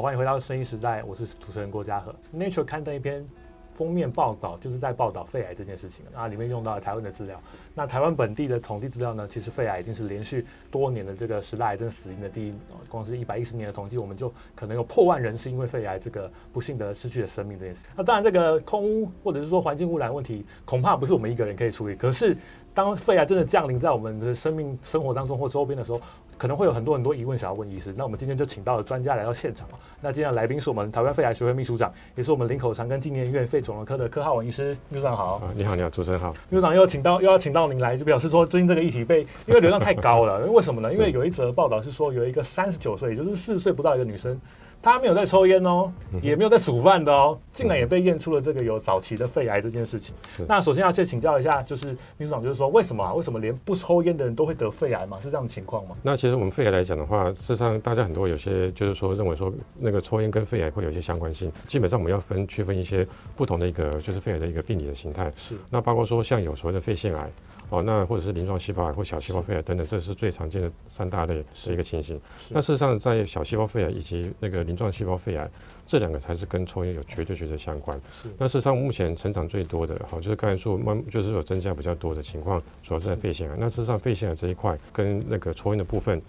哦、歡迎回到生醫時代，我是主持人郭家和。Nature 刊登一篇封面報道，就是在報道肺癌這件事情啊。裡面用到了台灣的資料，那台灣本地的統計資料呢，其實肺癌已經是連續多年的這個十大癌症死因的第一。光是一百一十年的統計，我們就可能有破萬人是因為肺癌這個不幸的失去了生命這件事。那、啊、當然，這個空污或者是說環境污染問題，恐怕不是我們一個人可以處理。可是，當肺癌真的降臨在我們的生命生活當中或周邊的時候，可能會有很多很多疑問想要問醫師，那我們今天就請到了專家來到現場。那今天的來賓是我們台灣肺癌學會秘書長，也是我們林口長庚紀念醫院肺腫瘤科的柯皓文醫師。秘書長好。你好你好，主持人好。秘書長，又要請到又要請到您來，就表示說最近這個議題被因為流量太高了， 為什麼呢？因為有一則報道是說有一個三十九歲，也就是四十歲不到一個女生。他沒有在抽菸哦，也沒有在煮飯的哦、嗯，竟然也被驗出了這個有早期的肺癌這件事情。那首先要去請教一下，就是秘書長，就是說為什麼啊？為什麼連不抽菸的人都會得肺癌嘛？是這樣的情況嗎？那其實我們肺癌來講的話，事實上大家很多有些就是說認為說那個抽菸跟肺癌會有一些相關性。基本上我們要分區分一些不同的一個就是肺癌的一個病理的形態。是。那包括說像有所謂的肺腺癌。哦，那或者是鱗狀細胞癌或小細胞肺癌等等，這是最常見的三大類的一個情形。那事實上，在小細胞肺癌以及那個鱗狀細胞肺癌這兩個才是跟抽菸有絕對絕對相關。那事實上，目前成長最多的哈、哦，就是剛才說慢，就是有增加比較多的情況，主要是在肺腺癌。那事實上，肺腺癌這一塊跟那個抽菸的部分，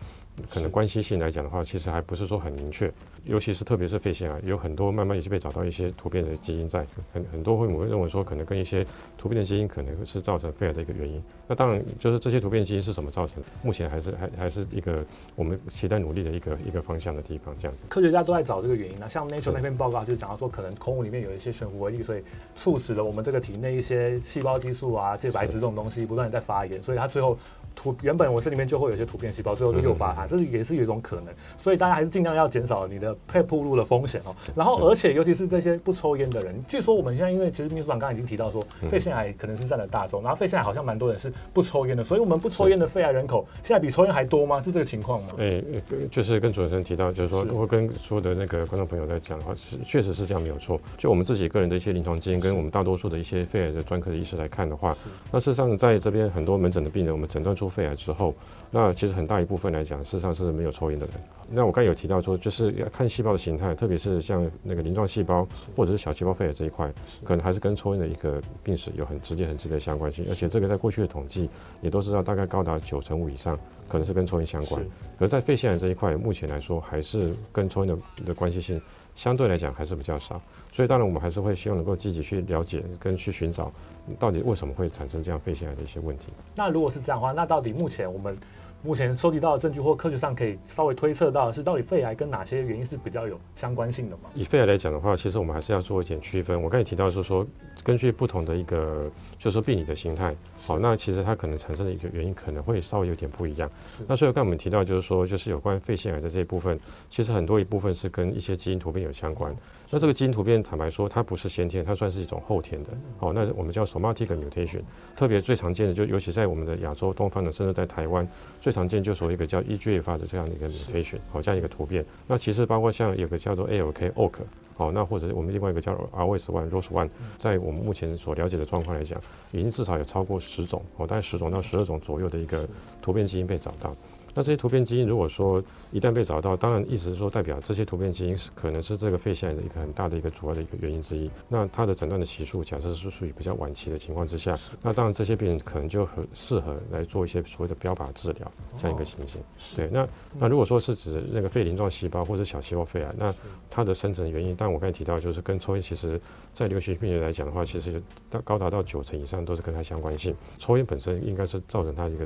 可能關係性來講的話，其實還不是說很明確，尤其是特別是肺腺癌，有很多慢慢已經被找到一些突變的基因在，很很多會我會認為說可能跟一些突變的基因可能是造成肺癌的一個原因。那當然就是這些突變基因是什麼造成的，目前還是還還是一個我們期待努力的一個一個方向的地方這樣子。科學家都在找這個原因。像那像 Nature 那篇報告就是講到說，可能空物裡面有一些懸浮微粒，所以促使了我們這個體內一些細胞激素啊、介白質這種東西不斷在發炎，所以它最後。圖原本我身裡面就會有一些突變細胞，最後就誘發它，嗯，這是也是有一種可能，所以大家還是儘量要減少你的肺暴露的風險哦，喔。然後，而且尤其是這些不抽菸的人，據說我們現在因為其實秘書長剛剛已經提到說，嗯，肺腺癌可能是佔了大宗，然後肺腺癌好像蠻多人是不抽菸的，所以我們不抽菸的肺癌人口現在比抽菸還多嗎？是這個情況嗎？哎，欸，呃，就是跟主持人提到，就是說是我跟所有的那個觀眾朋友在講的話，是確實是這樣，沒有錯。就我們自己個人的一些臨床經驗，跟我們大多數的一些肺癌的專科的醫師來看的話，那事實上在這邊很多門診的病人，我們診斷出。出肺癌之後，那其實很大一部分來講，事實上是沒有抽菸的人。那我剛有提到說，就是要看細胞的形態，特別是像那個鱗狀細胞或者是小細胞肺癌這一塊，可能還是跟抽菸的一個病史有很直接、很直接的相關性。而且這個在過去的統計也都知道，大概高達九成五以上。可能是跟抽菸相關，是，可是在肺腺癌這一塊，目前來說還是跟抽菸的的關系性相對來講還是比較少，所以當然我們還是會希望能夠積極去了解跟去尋找，到底為什麼會產生這樣肺腺癌的一些問題。那如果是這樣的話，那到底目前我們目前收集到的證據或科學上可以稍微推測到的是到底肺癌跟哪些原因是比較有相關性的嗎？以肺癌來講的話，其實我們還是要做一點區分。我剛才提到的是說，根據不同的一個。就是說病理的形態，好、哦，那其實它可能產生的一個原因可能會稍微有點不一樣。那所以剛才我們提到，就是說，就是有關肺腺癌的這一部分，其實很多一部分是跟一些基因突變有相關。那這個基因突變，坦白說，它不是先天，它算是一種後天的。好、哦，那我們叫 somatic mutation，特別最常見的就尤其在我們的亞洲東方的，甚至在台灣最常見，就說一個叫 EGFR 的這樣的一個 mutation，好、哦、這樣一個突變。那其實包括像有一個叫做 ALK、O k 哦，那或者我們另外一個叫 ROS1、ROS1，在我們目前所了解的狀況來講，已經至少有超過十種哦，大概十種到十二種左右的一個突變基因被找到。那這些突變基因如果說一旦被找到，當然意思是說，代表這些突變基因是可能是這個肺腺癌的一個很大的一個主要的一個原因之一。那它的診斷的期數，假設是屬於比較晚期的情況之下，那當然這些病人可能就很適合來做一些所謂的標靶治療這樣一個情形、哦。對，那那如果說是指那個肺鱗狀細胞或者小細胞肺癌，那它的生成原因，但我剛才提到就是跟抽煙，其實在流行病人來講的話，其實到高達到九成以上都是跟它相關性。抽煙本身應該是造成它的一個。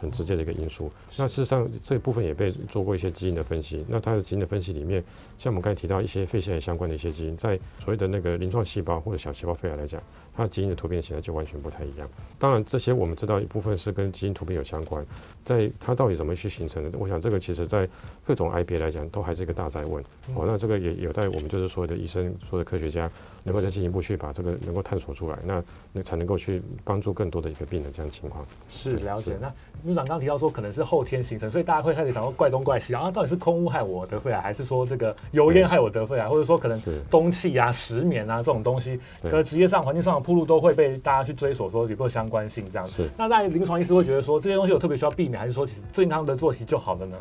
很直接的一個因素。那事實上，這一部分也被做過一些基因的分析。那它的基因的分析裡面，像我們剛才提到一些肺腺癌相關的一些基因，在所謂的那個鱗狀細胞或者小細胞肺癌來講，它的基因的突變形態就完全不太一樣。當然，這些我們知道一部分是跟基因突變有相關，在它到底怎麼去形成的？我想這個其實在各種癌別來講都還是一個大哉問。哦，那這個也有待我們就是所有的醫生、所有的科學家。能夠再進一步去把這個能夠探索出來，那那才能夠去幫助更多的一個病人這樣的情況。是了解。嗯、那秘書長剛提到說，可能是後天形成，所以大家會開始想說怪東怪西啊，到底是空污害我得肺癌，還是說這個油煙害我得肺癌，或者說可能氡氣啊、石棉啊這種東西，是職業上、環境上的暴露都會被大家去追索說有沒有相關性這樣子。那在臨床醫師會覺得說這些東西有特別需要避免，還是說其實正常的作息就好了呢？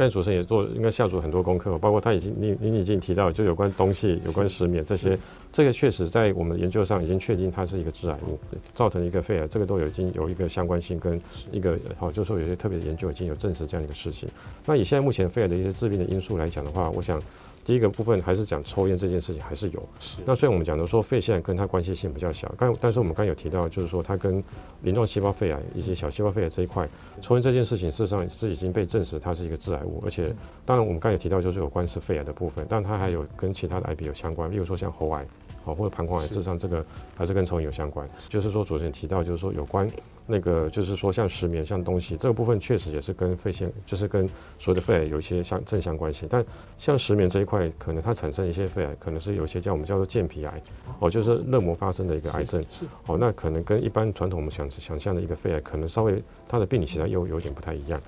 剛才主持人也做，應該下足很多功課，包括他已經，你你已經提到，就有關東西、有關石棉這些，這個確實在我們研究上已經確定它是一個致癌物，造成一個肺癌，這個都有已經有一個相關性跟一個，好、哦，就是說有些特別的研究已經有證實這樣一個事情。那以現在目前肺癌的一些致病的因素來講的話，我想。第一個部分還是講抽菸這件事情，還是有是。那雖然我們講的說肺腺跟它關係性比較小，但但是我們剛剛有提到，就是說它跟鱗狀細胞肺癌、以及小細胞肺癌這一塊，抽菸這件事情事實上是已經被證實它是一個致癌物，而且當然我們剛才也提到，就是有關是肺癌的部分，但它還有跟其他的癌病有相關，例如說像喉癌。哦，或者膀胱癌，實際上這個還是跟抽煙有相關。就是說，主持人提到，就是說有關那個，就是說像石棉，像東西這個部分，確實也是跟肺腺，就是跟所有的肺癌有一些相正相關係。但像石棉這一塊，可能它產生一些肺癌，可能是有些叫我們叫做間皮癌，哦，就是肋膜發生的一個癌症是是是。哦，那可能跟一般傳統我們想想象的一個肺癌，可能稍微它的病理其他又有，有點不太一樣。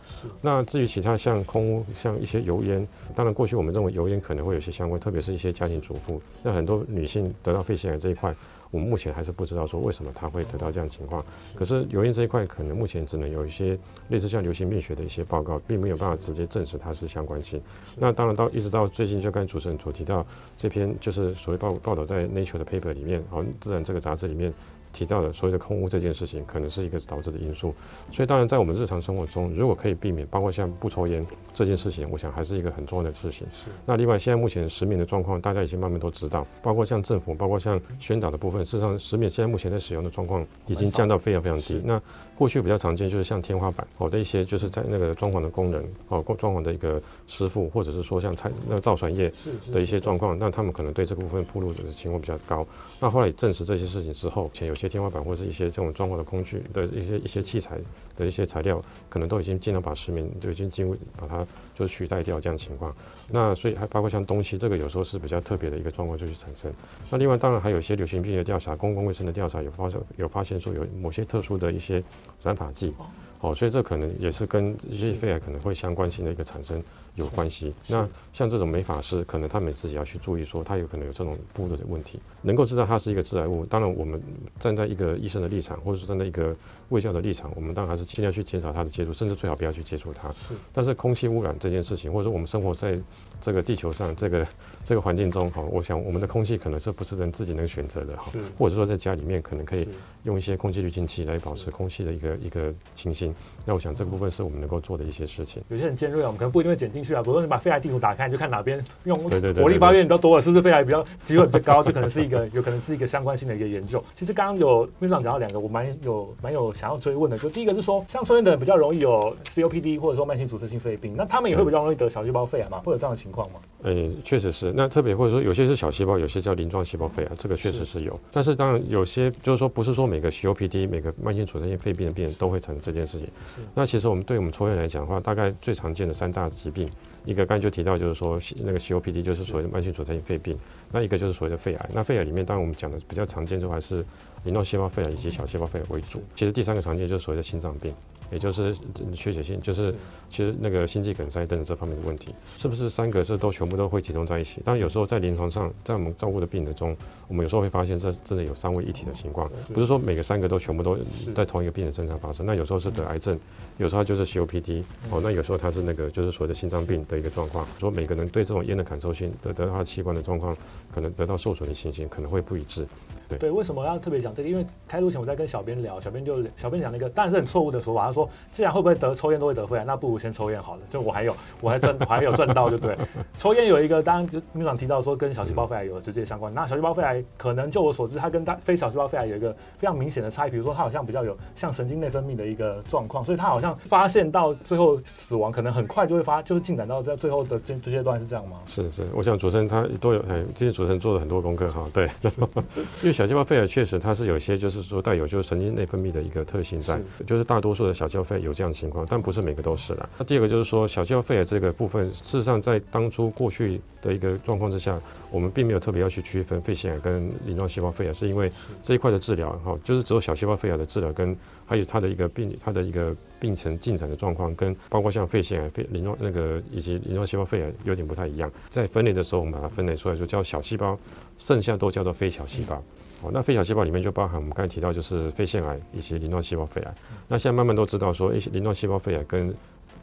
那至於其他像空污，像一些油煙，當然過去我們認為油煙可能會有些相關，特別是一些家庭主婦，那很多女性，得到肺腺癌這一塊，我們目前還是不知道說，為什麼他會得到這樣情況。可是油煙這一塊，可能目前只能有一些類似像流行病學的一些報告，並沒有辦法直接證實它是相關性。那當然到一直到最近，就剛剛主持人所提到這篇就是所謂報報道在 Nature 的 paper 裡面，好，自然這個雜誌裡面。提到的所謂的空污這件事情，可能是一個導致的因素。所以，當然在我們日常生活中，如果可以避免，包括像不抽菸這件事情，我想還是一個很重要的事情。是。那另外，現在目前石綿的狀況，大家已經慢慢都知道，包括像政府，包括像宣導的部分，事實上，石綿現在目前在使用的狀況已經降到非常非常低。是。那。過去比較常見就是像天花板好的一些，就是在那個裝潢的工人哦，裝潢的一個師傅，或者是說像采那個造船業的一些狀況，那他們可能對這個部分暴露的情況比較高。那後來證實這些事情之後，且有些天花板或者是一些這種裝潢的工具的一些一些器材的一些材料，可能都已經盡量把石綿，就已經進入把它就取代掉的這樣情況。那所以還包括像東西這個有時候是比較特別的一個狀況就是產生。那另外當然還有一些流行病的調查，公共衛生的調查有發生有發現說有某些特殊的一些。染髮劑，哦，所以這可能也是跟一些肺癌可能會相關性的一個產生。有關係。那像這種美法師，可能他們自己要去注意說，說他有可能有這種部落的問題，能夠知道它是一個致癌物。當然，我們站在一個醫生的立場，或者說站在一個衛教的立場，我們當然還是盡量去減少他的接觸，甚至最好不要去接觸它。是。但是空氣污染這件事情，或者說我們生活在這個地球上這個這個環境中哈、哦，我想我們的空氣可能是不是人自己能選擇的哈、哦，或者是說在家裡面可能可以用一些空氣濾清器來保持空氣的一個一個清新。那我想這個部分是我們能夠做的一些事情。有些很尖銳啊，我們可能不一定會剪掉。去啊！比如說你把肺癌地圖打開，你就看哪邊用火力發電比較多了，對對對對，是不是肺癌比較機會比較高？這可能是一個，有可能是一個相關性的一個研究。 其實剛剛有秘書長講到兩個，我蠻有蠻有想要追問的，就第一個是說，像抽菸的人比較容易有 COPD 或者說慢性阻塞性肺病，那他們也會比較容易得小細胞肺癌嘛、嗯，會有這樣的情況嗎？嗯、欸，確實是。那特別或者說有些是小細胞，有些叫鱗狀細胞肺癌、啊，這個確實是有，是。但是當然有些就是說不是說每個 COPD，每個慢性阻塞性肺病的病人都會成這件事情。是。那其實我們對我們抽菸來講的話，大概最常見的三大疾病。一個剛才就提到，就是說那個 COPD，就是所謂的慢性阻塞性肺病。那一個就是所謂的肺癌。那肺癌裡面，當然我們講的比較常見，就還是鱗狀細胞肺癌以及小細胞肺癌為主。其實第三個常見就是所謂的心臟病。也就是缺血、嗯、性，就是，是其實那個心肌梗塞等等這方面的問題，是不是三個是都全部都會集中在一起？但有時候在臨床上，在我們照顧的病人中，我們有時候會發現這真的有三位一體的情況、嗯，不是說每個三個都全部都在同一個病人身上發生。那有時候是得癌症，有時候它就是 COPD 哦，那有時候他是那個就是所謂的心臟病的一個狀況。說每個人對這種煙的感受性得，得得到他器官的狀況，可能得到受損的情形可能會不一致。對，為什麼要特別講這個？因為開錄前我在跟小編聊，小編就小編講了一個，當然是很錯誤的說法。他說，既然會不會得抽煙都會得肺癌，那不如先抽煙好了，就我還有我還賺，我還沒有賺到就對。 抽煙有一個，當然秘書長提到說跟小細胞肺癌有直接相關。嗯、那小細胞肺癌可能就我所知，它跟大非小細胞肺癌有一個非常明顯的差異，比如說它好像比較有像神經內分泌的一個狀況，所以它好像發現到最後死亡可能很快就會發，就是進展到在最後的這這階段是這樣嗎？是是，我想主持人他都有，欸、今天主持人做了很多功課哈，對， 因為小。小細胞肺癌確實，它是有些就是說帶有就是神經內分泌的一個特性在，就是大多數的小細胞肺有這樣的情況，但不是每個都是的。那第二個就是說，小細胞肺癌這個部分，事實上在當初過去的一個狀況之下，我們並沒有特別要去區分肺腺癌跟鱗狀細胞肺癌，是因為這一塊的治療哈，就是只有小細胞肺癌的治療跟還有它的一個病理，它的一個病程進展的狀況，跟包括像肺腺癌、肺鱗狀那個以及鱗狀細胞肺癌有點不太一樣，在分類的時候我們把它分類出來，說叫小細胞，剩下都叫做非小細胞。嗯哦，那非小細胞裡面就包含我們剛才提到，就是肺腺癌以及鱗狀細胞肺癌、嗯。那現在慢慢都知道說，一些鱗狀細胞肺癌跟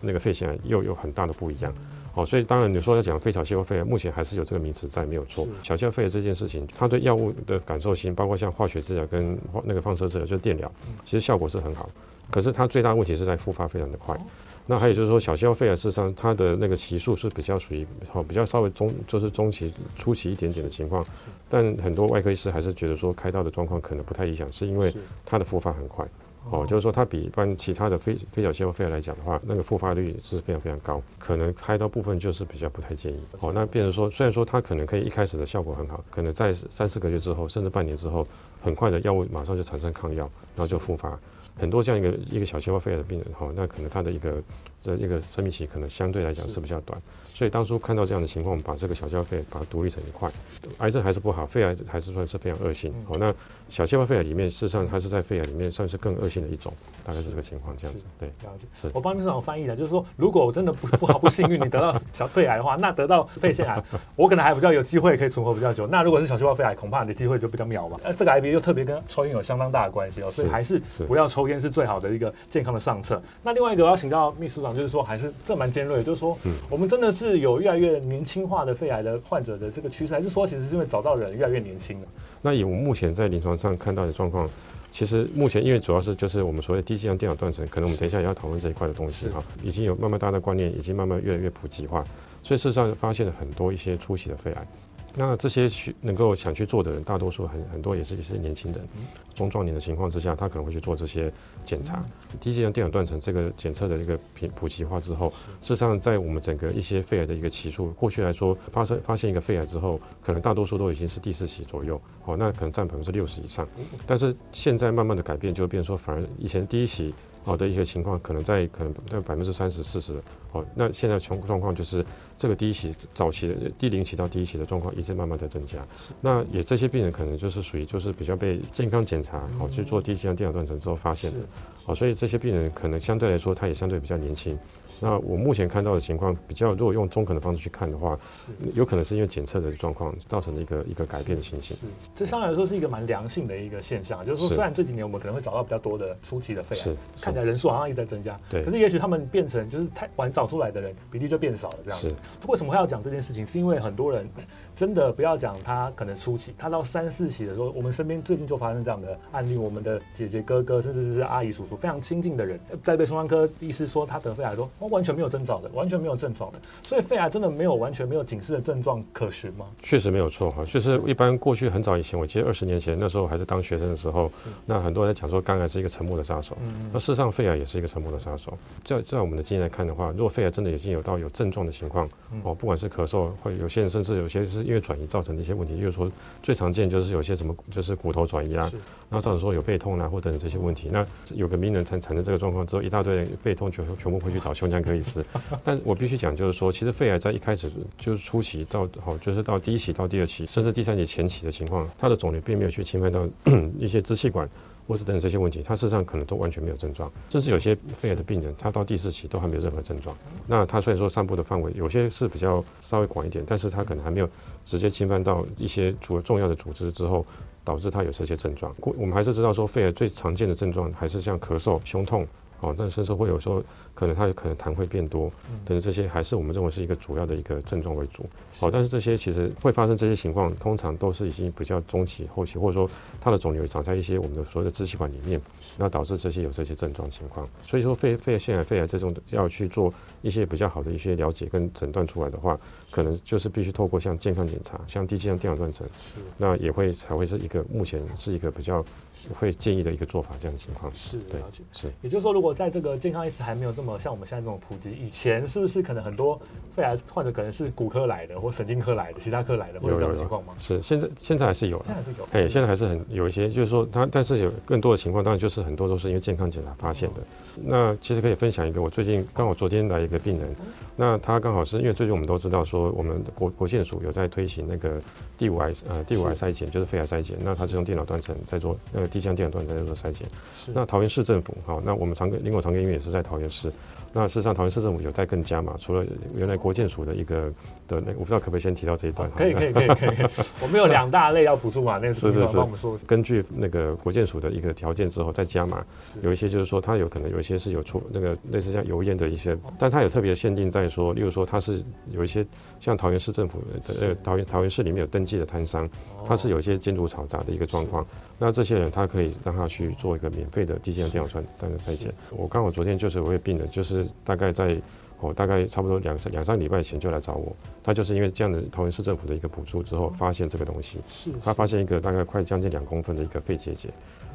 那個肺腺癌又有很大的不一樣。嗯、哦，所以當然你說要講非小細胞肺癌，目前還是有這個名詞在，沒有錯。小細胞肺癌這件事情，它對藥物的感受性，包括像化學治療跟那個放射治療，就是電療，其實效果是很好、嗯。可是它最大問題是在復發非常的快。哦那還有就是說，小細胞肺癌事實上它的那個期數是比較屬於好，比較稍微中，就是中期、初期一點點的情況。但很多外科醫師還是覺得說開刀的狀況可能不太理想，是因為它的復發很快。哦，就是說它比一般其他的非非小細胞肺癌來講的話，那個復發率是非常非常高，可能開刀部分就是比較不太建議。哦，那變成說，雖然說它可能可以一開始的效果很好，可能在三四個月之後，甚至半年之後，很快的藥物馬上就產生抗藥，然後就復發。很多這樣一個一個小細胞肺癌的病人，哈、哦，那可能他的一個這一個生命期可能相對來講是比較短，所以當初看到這樣的情況，我們把這個小細胞肺癌把它獨立成一塊，癌症還是不好，肺癌還是算是非常惡性。好、嗯哦、那。小細胞肺癌裡面，事實上它是在肺癌裡面算是更惡性的一種，大概是這個情況這樣子。對，了解。是，我幫秘書長翻譯一下，就是說，如果我真的不不好不幸運，你得到小肺癌的話， 那得到肺腺癌，我可能還比較有機會可以存活比較久。那如果是小細胞肺癌，恐怕你的機會就比較渺茫。那、呃、這個 I B 就特別跟抽菸有相當大的關係哦，所以還是不要抽菸是最好的一個健康的上策。那另外一個我要請到秘書長，就是說還是這蠻尖銳的，就是說、嗯，我們真的是有越來越年輕化的肺癌的患者的這個趨勢，還是說其實是因為找到人越來越年輕了？那以我目前在臨床，上看到的狀況，其實目前因為主要是就是我們所謂低劑量電腦斷層，可能我們等一下也要討論這一塊的東西哈，已經有慢慢大家的觀念，已經慢慢越來越普及化，所以事實上發現了很多一些初期的肺癌。那這些去能夠想去做的人，大多數很很多也是也是年輕人，中壯年的情況之下，他可能會去做這些檢查。第一階段電腦斷層這個檢測的一個普普及化之後，事實上在我們整個一些肺癌的一個期數，過去來說，發生發現一個肺癌之後，可能大多數都已經是第四期左右，哦，那可能佔百分之六十以上。但是現在慢慢的改變，就變成說反而以前第一期。好的一些情況，可能在可能在百分之三十、四十。好，那現在全部狀況就是這個第一期早期的、第零期到第一期的狀況，一直慢慢的增加的。那也這些病人可能就是屬於就是比較被健康檢查，好、嗯、去做低劑量的電腦斷層之後發現的。所以這些病人可能相對來說，他也相對比較年輕。那我目前看到的情況，比較如果用中肯的方式去看的話，有可能是因為檢測的狀況造成的一個一個改變的情形是。是，是是是嗯、這相對來說是一個蠻良性的一個現象，就是說雖然這幾年我們可能會找到比較多的初期的肺癌，是，是看起來人數好像一直在增加，對。可是也許他們變成就是太晚找出來的人比例就變少了這樣是，是。為什麼會要講這件事情？是因為很多人真的不要講他可能初期，他到三四期的時候，我們身邊最近就發生這樣的案例，我們的姐姐哥哥，甚至是阿姨叔叔。非常親近的人，在被胸外科醫師說他得肺癌說，說、哦、完全沒有症狀的，完全沒有症狀的，所以肺癌真的沒有完全沒有警示的症狀可循嗎？確實沒有錯哈、啊，就是一般過去很早以前，我記得二十年前那時候還是當學生的時候，那很多人在講說肝癌是一個沉默的殺手，那、嗯嗯、事實上肺癌也是一個沉默的殺手。在在我們的經驗來看的話，如果肺癌真的已經有到有症狀的情況，哦，不管是咳嗽，或有些人甚至有些是因為轉移造成的一些問題，就是說最常見就是有些什麼就是骨頭轉移啊，然後造成說有背痛啊或者這些問題，那有個明。病人產產生這個狀況之後，一大堆人背痛，全全部會去找胸腔科醫師。但我必須講，就是說，其實肺癌在一開始就是初期到好，就是到第一期到第二期，甚至第三期前期的情況，它的腫瘤並沒有去侵犯到一些支氣管或者等等這些問題，它事實上可能都完全沒有症狀。甚至有些肺癌的病人，他到第四期都還沒有任何症狀。那他雖然說散布的範圍有些是比較稍微廣一點，但是他可能還沒有直接侵犯到一些主重要的組織之後，導致他有這些症狀，我們還是知道說，肺癌最常見的症狀還是像咳嗽、胸痛，哦，但是甚至會有時候可能他有可能痰會變多，嗯，但是這些還是我們認為是一個主要的一個症狀為主，好，哦，但是這些其實會發生這些情況，通常都是已經比較中期、後期，或者說。它的腫瘤長在一些我們的所有的支氣管裡面，那導致這些有這些症狀情況。所以說肺肺腺癌，現在肺癌這種要去做一些比較好的一些了解跟診斷出來的話，可能就是必須透過像健康檢查，像低劑量電腦斷層，那也會才會是一個目前是一個比較會建議的一個做法。這樣的情況是，對，是。也就是說，如果在這個健康意識還沒有這麼像我們現在這種普及，以前是不是可能很多肺癌患者可能是骨科來的，或神經科來的，其他科來的會有或者這種情況嗎？是，現在現在，現在還是有，那哎，現在還是很。有一些就是說他，但是有更多的情況，當然就是很多都是因為健康檢查發現的。那其實可以分享一個，我最近剛好昨天來一個病人，那他剛好是因為最近我們都知道說，我們國國健署有在推行那個第五癌呃第五癌篩檢，就是肺癌篩檢，那他是用電腦斷層，在做那個低劑量電腦斷層，在做篩檢。是。那桃園市政府好、哦，那我們長庚林口長庚醫院也是在桃園市。那事實上，桃園市政府有在更加嘛？除了原來國健署的一個的那，oh. 我不知道可不可以先提到這一段？Oh. 可以，可以，可以，可以。 我們有兩大類要補助嘛？那個、 是是是幫我們說。根據那個國健署的一個條件之後再加嘛？有一些就是說，它有可能有一些是有出那個類似像油煙的一些，oh. 但它有特別限定在說，例如說它是有一些像桃園市政府的、呃、桃園桃園市裡面有登記的攤商。Oh. 他是有一些建築嘈雜的一個狀況，那這些人他可以讓他去做一個免費的低劑量電腦斷層的篩檢。我剛好昨天就是有位病人，就是大概在。我、哦，大概差不多兩三兩三禮拜前就來找我，他就是因為這樣的桃園市政府的一個補助之後，發現這個東西，是，是，他發現一個大概快將近兩公分的一個肺結節，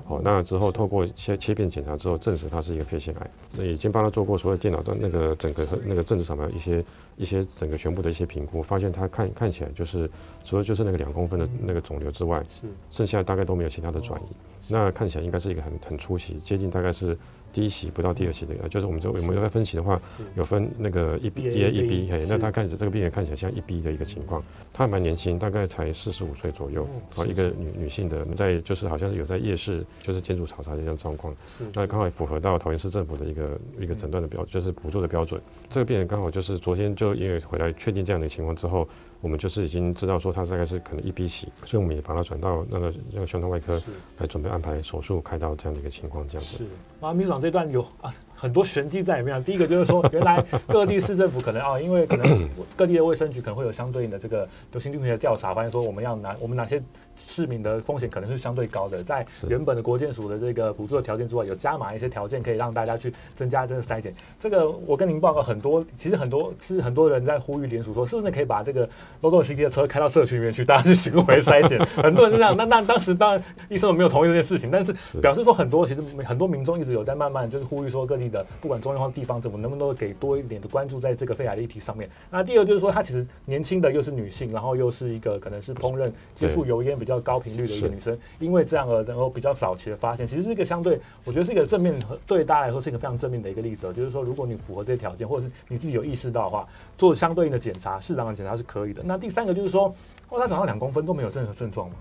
好，哦，那之後透過切切片檢查之後證實他是一個肺腺癌，那已經幫他做過所有電腦的那個整個是是那個正子上面一些一些、一些整個全部的一些評估，發現他看看起來就是除了就是那個兩公分的那個腫瘤之外，是是剩下大概都沒有其他的轉移，哦，那看起來應該是一個很很初期，接近大概是。第一期不到第二期的，嗯、就是我們說我們如果分析的話，有分那個一 B、一 A、一 B。那他看着這個病人看起來像 E、B 的一個情況，他蠻年輕，大概才四十五歲左右，好、嗯，然後一個女是是女性的，在就是好像是有在夜市就是煎煮炒炸這樣狀況，那剛好也符合到桃園市政府的一個、嗯、一個診斷的標，就是補助的標準，嗯、這個病人剛好就是昨天就因為回來確定這樣的情況之後，我們就是已經知道說他大概是可能一 B 期，所以我們也把他轉到那個那個胸腔外科來準備安排手術開刀這樣的一個情況，這樣子。啊，秘書長，這一段有啊很多玄機在裡面，啊。第一個就是說，原來各地市政府可能啊、 哦，因為可能各地的衛生局可能會有相對應的這個流行病學的調查，發現說我們要拿我們哪些市民的風險可能是相對高的，在原本的國健署的這個補助的條件之外，有加碼一些條件，可以讓大家去增加這個篩檢。這個我跟您報告很多，其實很多是很多人在呼籲聯署，說是不是可以把這個 LDCT 的車開到社區裡面去，大家去巡回篩檢。 很多人是這樣。那那當時當然醫生們沒有同意這件事情，但是表示說很多其實很多民眾一直。有在慢慢就是呼籲說各地的不管中央或地方政府能不能夠給多一點的關注在這個肺癌的議題上面。那第二就是說，她其實年輕的又是女性，然後又是一個可能是烹飪接觸油煙比較高頻率的一個女生，因為這樣而能夠比較早期的發現。其實是一個相對我覺得是一個正面，對大家來說是一個非常正面的一個例子，就是說如果你符合這些條件，或者是你自己有意識到的話，做相對應的檢查，適當的檢查是可以的。那第三個就是說，哦，她長到兩公分都沒有任何症狀嗎？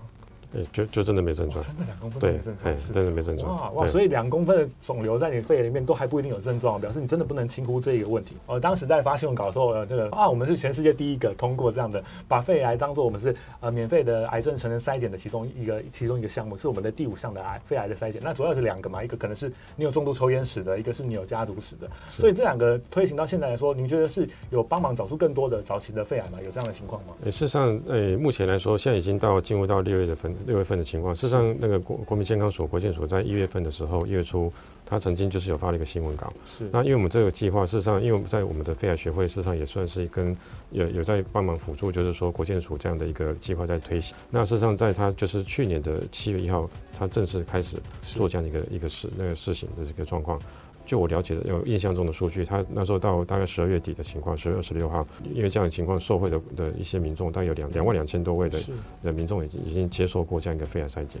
欸、就就真的沒症狀，真的兩公分沒症狀。對、欸，真的沒症狀。哇，哇，所以兩公分的腫瘤在你肺裡面都還不一定有症狀，表示你真的不能輕忽這一個問題。哦、呃，當時在發新聞稿的時候，這、呃那個啊，我們是全世界第一個通過這樣的，把肺癌當做我們是呃免費的癌症成人篩檢的其中一個其中一個項目，是我們的第五項的癌肺癌的篩檢。那主要是兩個嘛，一個可能是你有重度抽菸史的，一個是你有家族史的。所以這兩個推行到現在來說，你覺得是有幫忙找出更多的早期的肺癌嗎？有這樣的情況嗎、欸？事實上，誒、欸，目前來說，現在已經到進入到六月的分六月份的情況，事實上，那個國國民健康署、國健署在一月份的時候，一月初，他曾經就是有發了一個新聞稿。是。那因為我們這個計劃，事實上，因為我們在我們的肺癌學會，事實上也算是跟有有在幫忙輔助，就是說國健署這樣的一個計劃在推行。那事實上，在他就是去年的七月一號，他正式開始做這樣的一個一個事那個事情的這個狀況。就我了解的，有印象中的數據，他那時候到大概十二月底的情況，十月二十六號，因為這樣的情況，受惠的的一些民眾，但有兩兩萬兩千多位的的民眾已經已經接受過這樣一個肺癌篩檢。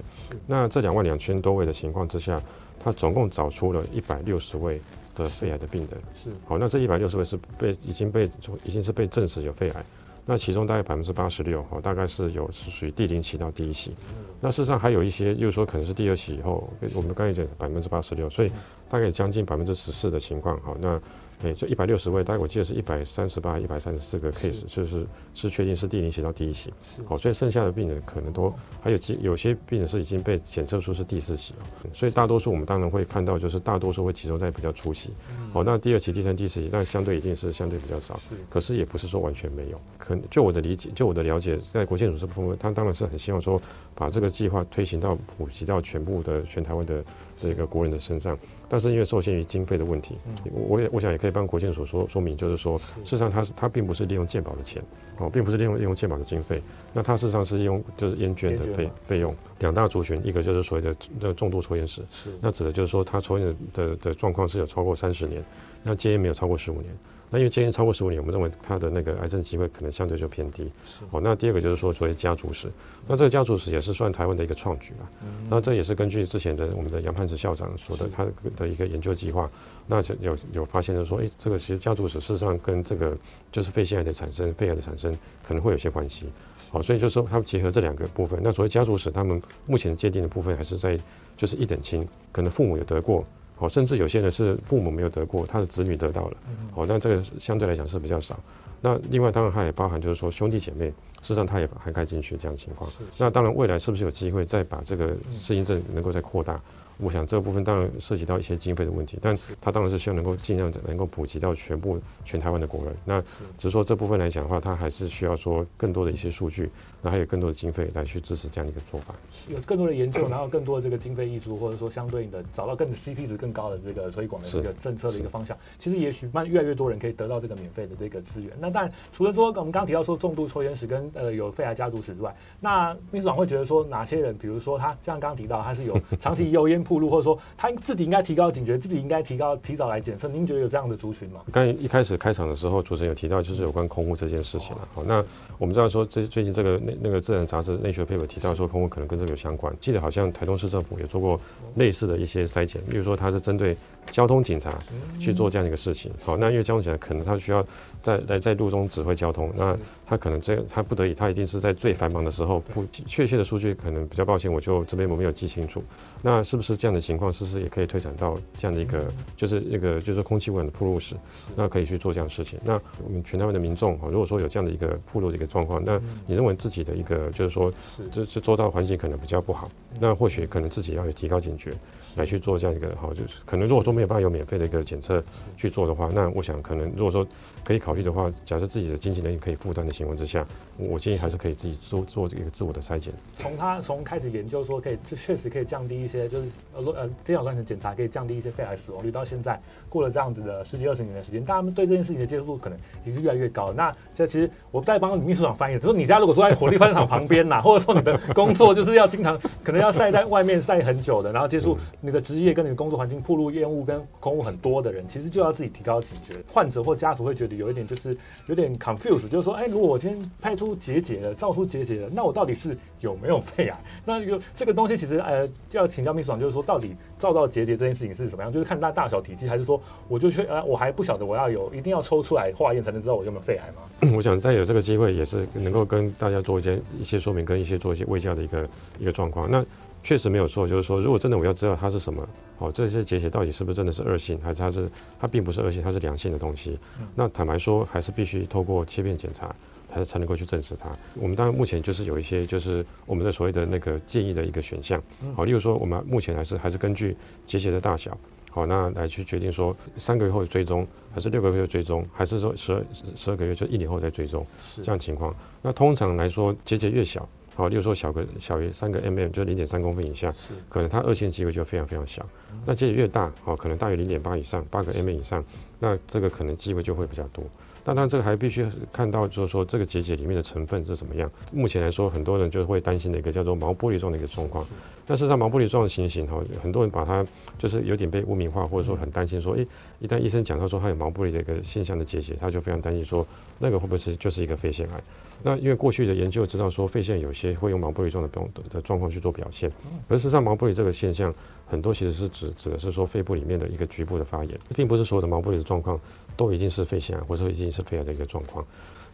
那這兩萬兩千多位的情況之下，他總共找出了一百六十位的肺癌的病人。是，是好，那這一百六十位是被已經被已經是被證實有肺癌。那其中大概百分之八十六，哈，大概是有是屬於第零期到第一期、嗯，那事實上還有一些，就是說可能是第二期以後，我們剛才講百分之八十六，所以大概將近百分之十四的情況，哈，那。對，就一百六十位，大概我記得是一百三十八、一百三十四個 case，是就是是確定是第零期到第一期，好、哦，所以剩下的病人可能都還有有些病人是已經被檢測出是第四期、嗯、所以大多數我們當然會看到就是大多數會集中在比較初期，好、哦，那第二期、第三期、第四期，那相對一定是相對比較少，可是也不是說完全沒有，可能就我的理解，就我的了解，在國健署這部分，他當然是很希望說把這個計劃推行到普及到全部的全台灣的這個國人的身上。但是因為受限於經費的問題，嗯、我也我想也可以幫國健署說說明，就是說，是事實上他是他並不是利用健保的錢，哦，並不是利用利用健保的經費，那他事實上是利用就是菸捐的費費用。兩大族群，一個就是所謂的那重度抽煙史，那指的就是說他抽煙的的狀況是有超過三十年，那戒煙沒有超過十五年。那因為接近超過十五年，我們認為他的那個癌症機會可能相對就偏低。哦，那第二個就是說，作為家族史，那這個家族史也是算台灣的一個創舉吧，嗯？那這也是根據之前的我們的楊泮池校長說的，他的一個研究計劃，那有有發現的說，誒、哎，這個其實家族史事實上跟這個就是肺腺癌的產生、肺癌的產生可能會有些關係。好、哦，所以就是說，他們結合這兩個部分，那所謂家族史，他們目前界定的部分還是在就是一等親，可能父母有得過。甚至有些人是父母沒有得過，他的子女得到了。哦，但這個相對來講是比較少。那另外當然它也包含就是說兄弟姐妹，事實上他也涵蓋進去這樣情況。那當然未來是不是有機會再把這個適應症能夠再擴大？我想這個部分當然涉及到一些經費的問題，但他當然是希望能夠儘量能夠普及到全部全台灣的國人。那只是說這部分來講的話，它還是需要說更多的一些數據。那還有更多的經費來去支持這樣一個做法，有更多的研究，然後更多的這個經費挹注，或者說相對應的找到更 CP 值更高的這個推廣的這個政策的一個方向。其實也許慢慢越來越多人可以得到這個免費的這個資源。那但除了說我們剛剛提到說重度抽菸史跟呃有肺癌家族史之外，那秘書長會覺得說哪些人，比如說他像剛剛提到他是有長期油煙暴露， 或者說他自己應該提高警覺，自己應該提高提早來檢測。您覺得有這樣的族群嗎？剛一開始開場的時候，主持人有提到就是有關空污這件事情了、啊哦。好，那我們知道說這最近這個。那個《自然》雜誌內學配文提到說，空污可能跟這個有相關。記得好像台東市政府也做過類似的一些篩檢，比如說它是針對。交通警察去做這樣一個事情，好、嗯嗯哦，那因為交通警察可能他需要在來在路中指揮交通，那他可能這他不得已，他一定是在最繁忙的時候不，不確切的數據可能比較抱歉，我就這邊我沒有記清楚。那是不是這樣的情況？是不是也可以推展到這樣的一個，嗯、就是一個就是空氣污染的暴露史，那可以去做這樣的事情。那我們全台灣的民眾哈、哦，如果說有這樣的一個暴露的一個狀況，那你認為自己的一個就是說，這這周遭環境可能比較不好，嗯、那或許可能自己要提高警覺，來去做這樣一個好、哦，就是可能如果說。沒有辦法有免費的一個檢測去做的話，那我想可能如果說可以考慮的話，假設自己的經濟能力可以負擔的情況之下我，我建議還是可以自己做做這個自我的篩檢。從他從開始研究說可以這確實可以降低一些就是呃呃電腦斷層的檢查可以降低一些肺癌死亡率，到現在過了這樣子的十幾二十年的時間，大家對這件事情的接觸度可能也是越來越高。那這其實我不太幫柯秘書長翻譯，只是你家如果坐在火力發電廠旁邊吶， 或者說你的工作就是要經常可能要曬在外面曬很久的，然後接觸你的職業跟你的工作環境暴露煙霧，跟空污很多的人，其實就要自己提高警覺。患者或家屬會覺得有一點就是有點 confuse 就是說，哎，如果我今天拍出結節了，照出結節了，那我到底是有沒有肺癌？那有這個東西，其實呃，就要請教秘書長，就是說，到底照到結節這件事情是什麼樣？就是看它大小、體積，還是說我就去啊、呃？我還不曉得，我要有一定要抽出來化驗才能知道我有沒有肺癌嗎？我想再有這個機會，也是能夠跟大家做一些一些說明，跟一些做一些衛教的一個一個狀況。那確實沒有錯，就是說，如果真的我要知道它是什麼，好、哦，這些結節到底是不是真的是惡性，還是它是它並不是惡性，它是良性的東西。那坦白說，還是必須透過切片檢查，還是才能夠去證實它。我們當然目前就是有一些，就是我們的所謂的那個建議的一個選項，好、哦，例如說我們目前還是還是根據結節的大小，好、哦，那來去決定說三個月後追蹤，還是六個月追蹤，還是說十二十二個月就一年後再追蹤，是這樣情況。那通常來說，結節越小。好、哦，例如說小個小於三個 mm，就是零點三公分以下，可能它惡性機會就非常非常小。嗯、那結節越大，好、哦，可能大於零點八以上，八個 mm 以上，那這個可能機會就會比較多。但當然，這個還必須看到，就是說這個結節裡面的成分是怎麼樣。目前來說，很多人就會擔心的一個叫做毛玻璃狀的一個狀況。但實際上，毛玻璃狀的情形哈，很多人把它就是有點被污名化，或者說很擔心說，誒，一旦醫生講到說它有毛玻璃的一個現象的結節，他就非常擔心說那個會不會是就是一個肺腺癌？那因為過去的研究知道說，肺腺有些會用毛玻璃狀的狀的狀況去做表現，而事實上毛玻璃這個現象很多其實是指指的是說肺部裡面的一個局部的發炎，並不是所有的毛玻璃的狀況。都已經是肺腺癌，或者說已經是肺癌的一個狀況。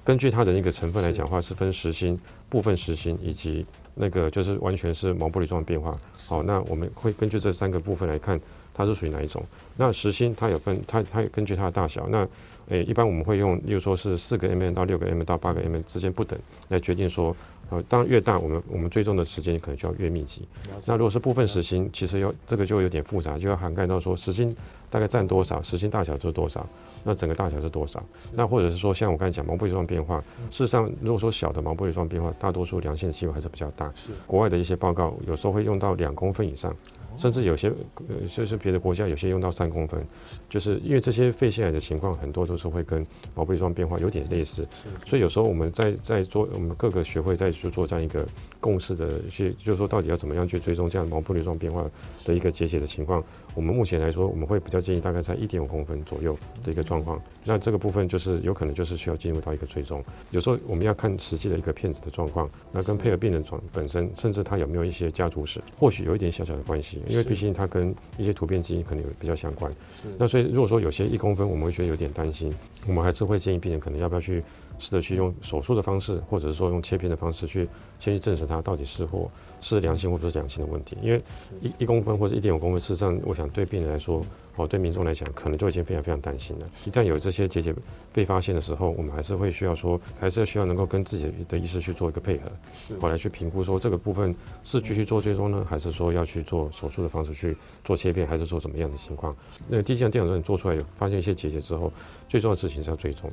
根據它的一個成分來講的話，是分實心、部分實心以及那個就是完全是毛玻璃狀變化。好，那我們會根據這三個部分來看，它是屬於哪一種。那實心它有分，它它有根據它的大小，那誒、哎、一般我們會用例如說是四個 mm 到六個 mm 到八個 mm 之間不等來決定說。嗯、當然越大我，我們我們追蹤的時間可能就要越密集。那如果是部分實心，其實要這個就有點複雜，就要涵蓋到說實心大概占多少，實心大小就是多少，那整個大小是多少？那或者是說，像我剛才講毛玻璃狀變化，事實上如果說小的毛玻璃狀變化，大多數良性的機會還是比較大。是國外的一些報告，有時候會用到兩公分以上。甚至有些，呃，就是別的國家有些用到三公分，就是因為這些肺腺癌的情況很多都是會跟毛玻璃狀變化有點類似，所以有時候我們在在做我們各個學會在去做這樣一個共識的，去就是說到底要怎麼樣去追蹤這樣毛玻璃狀變化的一個結節的情況。我們目前來說，我們會比較建議大概在一點五公分左右的一個狀況，嗯。那這個部分就是有可能就是需要進入到一個追蹤。有時候我們要看實際的一個片子的狀況，那跟配合病人床本身，甚至他有沒有一些家族史，或許有一點小小的關係，因為畢竟它跟一些突變基因可能有比較相關。是。那所以如果說有些一公分，我們會覺得有點擔心，我們還是會建議病人可能要不要去。試着去用手術的方式，或者是說用切片的方式去先去證實它到底是或，是良性或不是良性的問題。因為一一公分或者一點五公分，事實上我想對病人來說，哦對民眾來講，可能就已經非常非常擔心了。一旦有這些結節，節被發現的時候，我們還是會需要說，還是需要能夠跟自己的醫師去做一個配合，我來去評估說這個部分是繼續做追蹤呢，還是說要去做手術的方式去做切片，還是做怎麼樣的情況？那第一件電腦斷層做出來有發現一些結節，節之後，最重要的事情是要追蹤。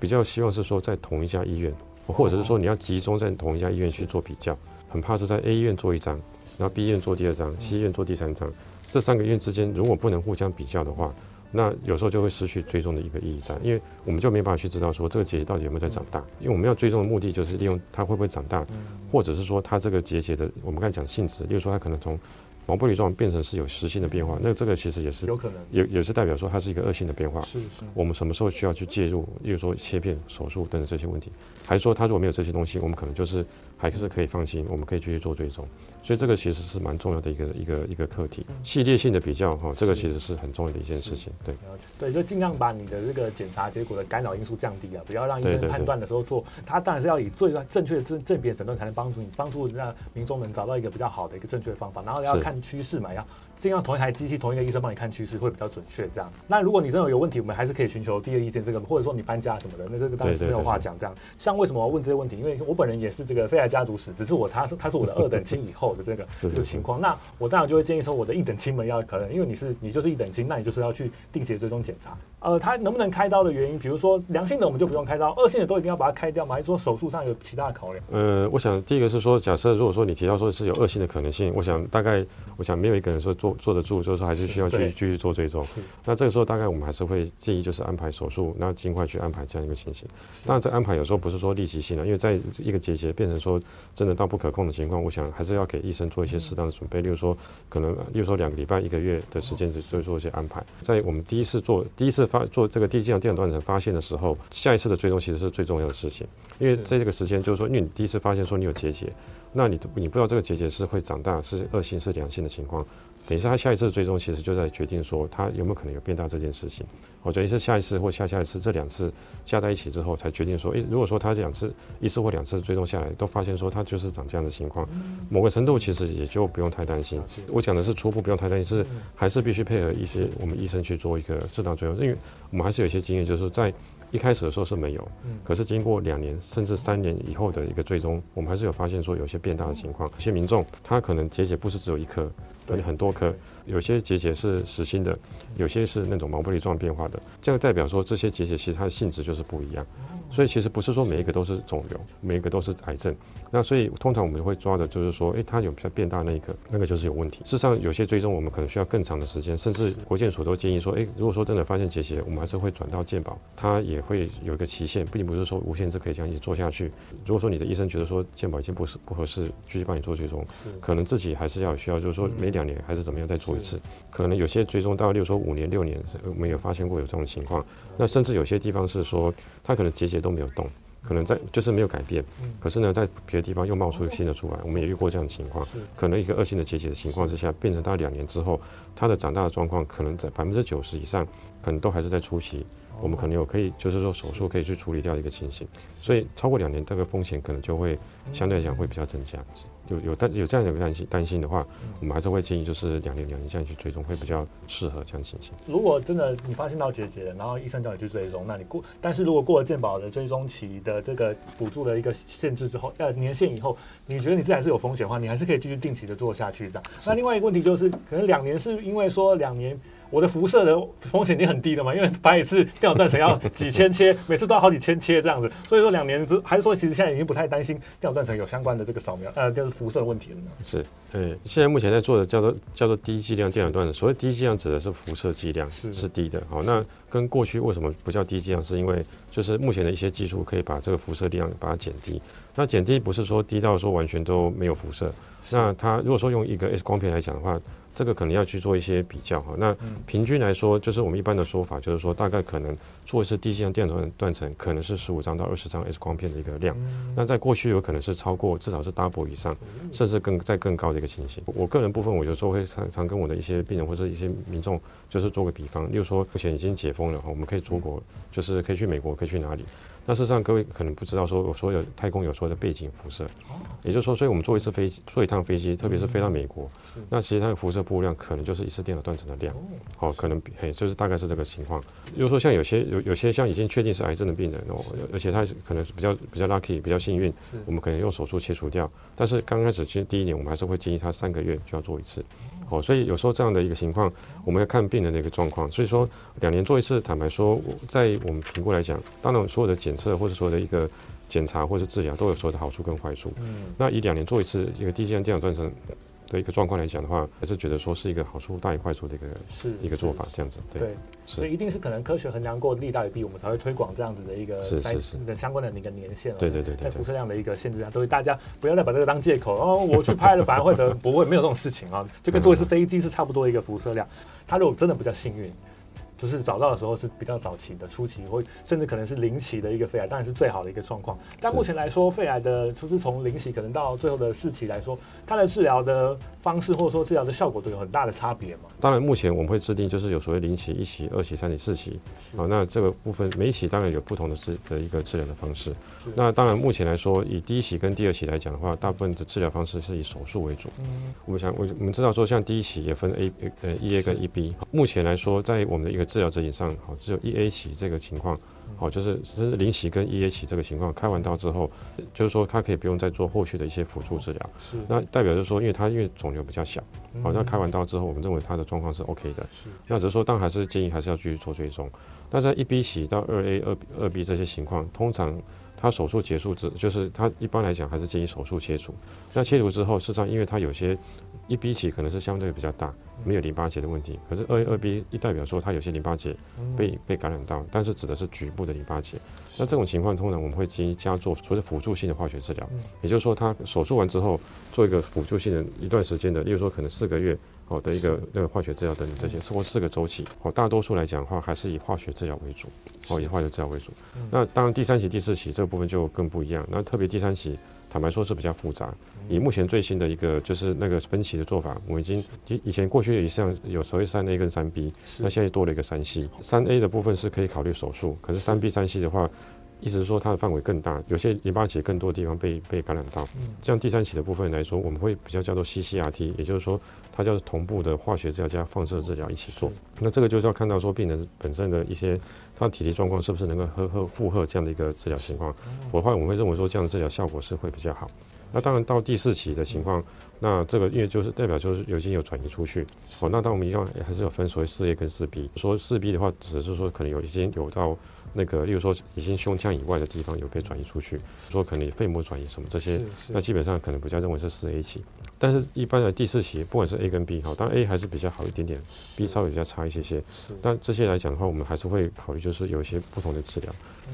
比較希望是說在同一家醫院，或者是說你要集中在同一家醫院去做比較，很怕是在 A 醫院做一張，然後 B 醫院做第二張，C、嗯、醫院做第三張，這三個醫院之間如果不能互相比較的話，那有時候就會失去追蹤的一個意義在，因為我們就沒辦法去知道說這個結節到底有沒有在長大，因為我們要追蹤的目的就是利用它會不會長大，或者是說它這個結節的我們剛才講性質，例如說它可能從。毛玻璃狀變成是有實性的變化，那這個其實也是有可能，也也是代表說它是一個惡性的變化。是是，我們什麼時候需要去介入，例如說切片、手術等等這些問題，還是說它如果沒有這些東西，我們可能就是。還是可以放心，我們可以繼續做追蹤，所以這個其實是蠻重要的一個一個一個課題，系列性的比較哈、喔，這個其實是很重要的一件事情。對，對，就儘量把你的這個檢查結果的干擾因素降低啊，不要讓醫生判斷的時候做。他當然是要以最正確的證鑑別診斷，才能幫助你，幫助讓民眾們找到一個比較好的一個正確的方法。然後要看趨勢嘛，要。盡量同一台機器，同一個醫生幫你看趨勢會比較準確。這樣子，那如果你真的有問題，我們還是可以尋求第二意見。這個，或者說你搬家什麼的，那這個當然是沒有話講。這樣對對對對，像為什麼我要問這些問題？因為我本人也是這個肺癌家族史，只是我他是他是我的二等親以後的這個 的這個情況是是。那我當然就會建議說，我的一等親們要可能，因為你是你就是一等親，那你就是要去定期的追蹤檢查。呃，他能不能開刀的原因，比如說良性的我們就不用開刀，惡性的都一定要把它開掉嘛？還是說手術上有其他的考量？呃，我想第一個是說，假設如果說你提到說是有惡性的可能性，我想大概我想沒有一個人說。做做得住，就是還是需要去繼，繼續做追蹤。那這個時候大概我們還是會建議就是安排手術，那儘快去安排這樣一個情形。但這安排有時候不是說立即性的，啊，因為在一個結節，節變成說真的到不可控的情況，我想還是要給醫生做一些適當的準備。嗯、例如說，可能例如說兩個禮拜，一個月的時間，就做一些安排。嗯。在我們第一次做第一次發做這個第一次電腦斷層發現的時候，下一次的追蹤其實是最重要的事情，因為在這個時間就是說，是因為你第一次發現說你有結節，節。那你你不知道這個結節是會長大、是惡性是良性的情況，等於是他下一次追蹤其實就在決定說他有沒有可能有變大這件事情。我覺得是下一次或下下一次這兩次加在一起之後才決定說，誒，如果說他兩次一次或兩次追蹤下來都發現說他就是長這樣的情況，某個程度其實也就不用太擔心。我講的是初步不用太擔心，是還是必須配合一些我們醫生去做一個適當追蹤，因為我們還是有一些經驗，就是在。一開始的時候是沒有，可是經過兩年甚至三年以後的一個追蹤，我們還是有發現說有些變大的情況。有些民眾他可能結節不是只有一顆，而且很多顆。有些結節是實心的，有些是那種毛玻璃狀變化的。這個代表說這些結節其實它的性質就是不一樣。所以其實不是說每一個都是腫瘤，每一個都是癌症。那所以通常我們會抓的就是說，誒、欸，它有比較變大那一個，那個就是有問題。事實上，有些追蹤我們可能需要更長的時間，甚至國健署都建議說，誒、欸，如果說真的發現結節，我們還是會轉到健保，它也會有一個期限，並不是說無限制可以這樣一直做下去。如果說你的醫生覺得說健保已經不是不合適繼續幫你做追蹤，可能自己還是要有需要就是說每兩年還是怎麼樣再做一次。可能有些追蹤到，例如說五年六年我們有發現過有這種情況，那甚至有些地方是說它可能結節。都沒有動，可能在就是沒有改變、嗯，可是呢，在別的地方又冒出新的出來。嗯、我們也遇過這樣的情況，可能一個惡性的結節的情況之下，變成到兩年之後，它的長大的狀況可能在百分之九十以上，可能都還是在初期，哦、我們可能有可以就是說手術可以去處理掉一個情形，所以超過兩年這個風險可能就會相對來講會比較增加。嗯有有擔有這樣有個擔心擔心的話，嗯，我們還是會建議就是兩年兩年這樣去追蹤會比較適合這樣情形。如果真的你發現到結節，然後醫生叫你去追蹤，那你過但是如果過了健保的追蹤期的這個補助的一個限制之後，呃，年限以後，你覺得你自己還是有風險的話，你還是可以繼續定期的做下去的。那另外一個問題就是，可能兩年是因為說兩年。我的輻射的風險已經很低了嘛，因為白一次電腦斷層要幾千切， 每次都要好幾千切這樣子，所以說兩年之還是說其實現在已經不太擔心電腦斷層有相關的這個掃描呃就是輻射的問題了嘛是，對、欸，現在目前在做的叫做叫做低劑量電腦斷層，所謂低劑量指的是輻射劑量是是低的。好、哦，那跟過去為什麼不叫低劑量，是因為就是目前的一些技術可以把這個輻射量把它減低。那減低不是說低到說完全都沒有輻射，那它如果說用一個 X 光片來講的話。這個可能要去做一些比較哈，那平均來說，就是我們一般的說法，就是說大概可能做一次低劑量電腦斷層，可能是十五張到二十張 X 光片的一個量。嗯、那在過去有可能是超過，至少是 double 以上，甚至更在更高的一個情形。我，我個人部分，我有時候會常常跟我的一些病人或者一些民眾，就是做個比方，例如說目前已經解封了哈，我們可以出國，就是可以去美國，可以去哪裡？那事實上，各位可能不知道，說我所有太空有所謂的背景輻射，也就是說，所以我們坐一次飛，坐一趟飛機，特別是飛到美國，嗯、那其實它的輻射布量可能就是一次電腦斷層的量，哦，可能嘿，就是大概是這個情況。比如說像有些有有些像已經確定是癌症的病人哦，而且他可能是比較比較 lucky，比較幸運，較幸運，我們可能用手術切除掉，但是剛開始其實第一年我們還是會建議他三個月就要做一次。所以有時候這樣的一個情況，我們要看病人的一個狀況。所以說，兩年做一次，坦白說，我在我們評估來講，當然所有的檢測或者說的一個檢查或者是治療都有所有的好處跟壞處。嗯，那以兩年做一次一個低劑量電腦斷層。一個狀況來講的話，還是覺得說是一個好處大於壞處的一個，是一個做法這樣子。對，對，所以一定是可能科學衡量過利大於弊，我們才會推廣這樣子的一個篩是是是相關的那個年限。對對對對，在輻射量的一個限制下，所以大家不要再把這個當借口哦，我去拍了 反而會得不會，沒有這種事情啊，就跟坐一次飛機是差不多一個輻射量。他 如果真的比較幸運，就是找到的時候是比較早期的初期，或甚至可能是零期的一個肺癌，當然是最好的一個狀況。但目前來說，肺癌的，就是從零期可能到最後的四期來說，它的治療的。方式或者說治療的效果都有很大的差別嘛？當然，目前我們會制定就是有所謂零期、一期、二期、三期、四期啊、哦。那這個部分每一期當然有不同的治的一個治療的方式。那當然目前來說，以第一期跟第二期來講的話，大部分的治療方式是以手術為主。嗯，我們想我我們知道說，像第一期也分 A、呃、E A 跟 E B。目前來說，在我們的一個治療指引上，好、哦，只有一 A 期這個情況。好、哦，就是就是零期跟一 A 期這個情況，開完刀之後，就是說他可以不用再做後續的一些輔助治療、哦。是，那代表就是說，因為他因為腫瘤比較小，好、嗯哦，那開完刀之後，我們認為他的狀況是 OK 的。是，那只是說，但還是建議還是要繼續做追蹤。那在一 B 期到二 A、二 B、二 B 這些情況，通常、嗯。他手術結束之，就是他一般來講還是建議手術切除。那切除之後，事實上，因為他有些一 B 期可能是相對比較大，沒有淋巴結的問題。可是二 A、二 B 一代表說他有些淋巴結被被感染到，但是指的是局部的淋巴結。那這種情況通常我們會進行加做，所謂輔助性的化學治療。也就是說，他手術完之後做一個輔助性的一段時間的，例如說可能四個月。好的一個那個化學治療等等這些，超過四個周期，好，大多數來講的話還是以化學治療為主，好，以化學治療為主。那當然第三期、第四期這個部分就更不一樣。那特別第三期，坦白說是比較複雜。嗯，以目前最新的一個就是那個分期的做法，我已經以以前過去也有所謂，有時候三 A 跟三 B，那現在多了一個三 C。三 A 的部分是可以考慮手術，可是三 B、三 C 的話。意思是說它的範圍更大，有些淋巴結更多的地方被被感染到。這樣第三期的部分來說，我們會比較叫做 CCRT，也就是說它叫同步的化學治療加放射治療一起做。哦、那這個就是要看到說病人本身的一些他體力狀況是不是能夠和和負荷這樣的一個治療情況，我的話我們會認為說這樣的治療效果是會比較好。那當然，到第四期的情況，嗯，那這個因為就是代表就是有些有轉移出去哦。那當我們一樣還是有分所謂四 A 跟四 B。說四 B 的話，只是，是說可能有一些有到那個，例如說已經胸腔以外的地方有被轉移出去，說可能肺膜轉移什麼這些，那基本上可能比較認為是四 A 期。但是一般的第四期，不管是 A 跟 B 哈，當然 A 還是比較好一點點，B 稍微比較差一些些。但這些來講的話，我們還是會考慮就是有一些不同的治療。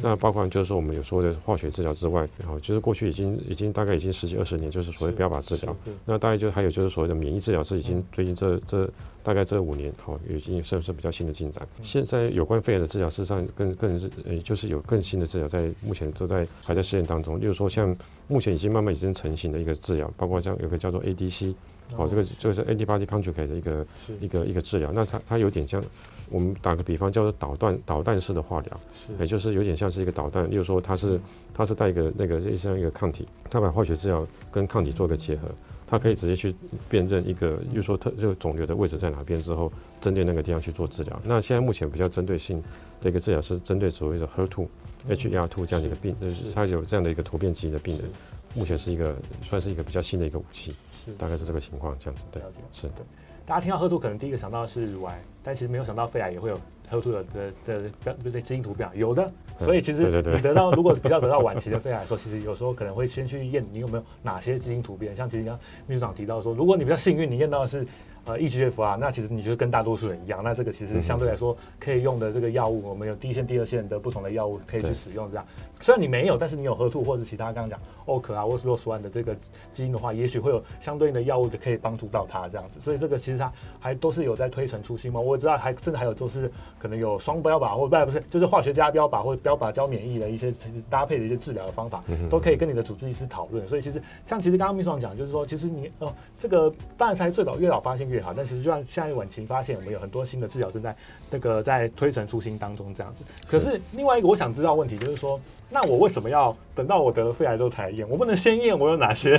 那包括就是說我們有說的化學治療之外，然後其實過去已經已經大概已經十幾二十年，就是所謂標靶治療。那大概就還有就是所謂的免疫治療是已經最近這、嗯、這大概這五年，好、哦、已經算是比較新的進展、嗯。現在有關肺癌的治療，事實上更更是呃就是有更新的治療，在目前都在還在試驗當中。例如說像目前已經慢慢已經成型的一個治療，包括像有個叫做 ADC，好、哦哦、這個這個是 antibody conjugate 的一個一個一個，一個治療，那它它有點像。我們打個比方，叫做導彈導彈式的化療，是，也就是有點像是一個導彈，又說它是它是帶一個那個，就像一個抗體，它把化學治療跟抗體做一個結合，它可以直接去辨認一個，又說它這個腫瘤的位置在哪邊之後，針對那個地方去做治療。那現在目前比較針對性的一個治療是針對所謂的 HER2、嗯、HER2 這樣的一個病，就是它有這樣的一個突變基因的病人，目前是一個算是一個比較新的一個武器，大概是這個情況這樣子，對，是的。大家聽到 HER2 可能第一個想到的是乳癌，但其實沒有想到肺癌也會有 HER2 的的標，不對，基因突變、啊、有的。所以其實你得到，如果比較得到晚期的肺癌的時候，其實有時候可能會先去驗你有沒有哪些基因突變。像其實剛秘書長提到說，如果你比較幸運，你驗到的是。呃，E G F 啊，那其實你就跟大多數人一樣，那這個其實相對來說可以用的這個藥物，我們有第一線、第二線的不同的藥物可以去使用。這樣，雖然你沒有，但是你有 HER2，或者其他剛剛講 O 克啊，或者 ROS1 的這個基因的話，也許會有相對應的藥物就可以幫助到他這樣子。所以這個其實它還都是有在推陳出新嘛。我也知道還甚至還有就是可能有雙標靶或者不是，就是化學加標靶或者標靶交免疫的一些其實搭配的一些治療的方法，都可以跟你的主治醫師討論。所以其實像其實剛剛秘書長講，就是說其實你哦、呃，這個當然才最早越早發現。越好，但其實就像現一晚晴發現，我們有很多新的治療正在那個在推陳出新當中，這樣子。可是另外一個我想知道的問題就是說，那我為什麼要等到我得了肺癌之後才驗？我不能先驗我有哪些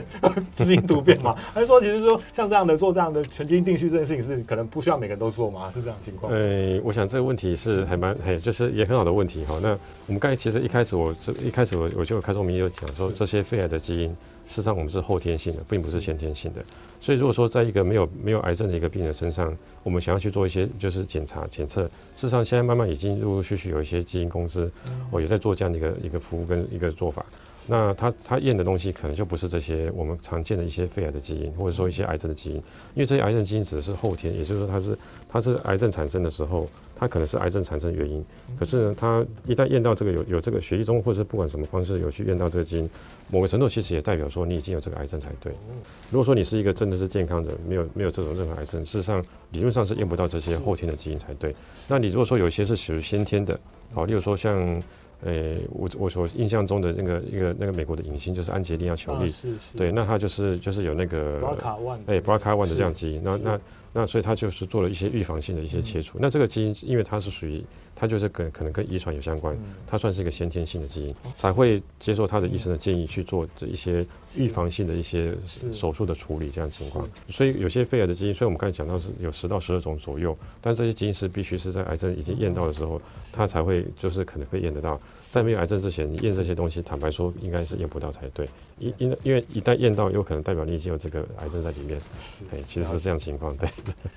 基因突變嗎？ 還是說，其實說像這樣的做這樣的全基因定序這件事情，是可能不需要每個人都做嗎？是這樣的情況？哎、嗯，我想這個問題是還蠻很就是也很好的問題哈。那我們剛才其實一開始我這一開始我我就有開宗明義講說，這些肺癌的基因。事實上，我們是後天性的，並不是先天性的。所以，如果說在一個沒有沒有癌症的一個病人身上，我們想要去做一些就是檢查檢測，事實上現在慢慢已經陸陸續續有一些基因公司，哦、嗯，也在做這樣的一個一個服務跟一個做法。那他他驗的東西可能就不是這些我們常見的一些肺癌的基因，或者說一些癌症的基因，因為這些癌症基因指的是後天，也就是說它是它是癌症產生的時候。它可能是癌症產生原因，可是呢，它一旦驗到這個有有這個血液中，或者是不管什麼方式有去驗到這個基因，某個程度其實也代表說你已經有這個癌症才對。如果說你是一個真的是健康的，沒有沒有這種任何癌症，事實上理論上是驗不到這些後天的基因才對。那你如果說有些是屬於先天的，好、啊，例如說像，誒、哎，我我所印象中的那個一個那個美國的影星就是安吉麗娜喬利，利、啊，對，那他就是就是有那個巴卡萬，哎，巴卡萬的這樣基因，那那。那那所以他就是做了一些預防性的一些切除，嗯。那這個基因因為它是屬於，它就是跟可能跟遺傳有相關，嗯，它算是一個先天性的基因，才會接受他的醫生的建議去做這一些預防性的一些手術的處理這樣的情況。所以有些肺癌的基因，雖然我們剛才講到是有十到十二種左右，但這些基因是必須是在癌症已經驗到的時候，他才會就是可能會驗得到。在沒有癌症之前，你驗這些東西，坦白說應該是驗不到才對。因因為因為一旦驗到，有可能代表你已經有這個癌症在裡面。哎、啊，其實是這樣情況，對。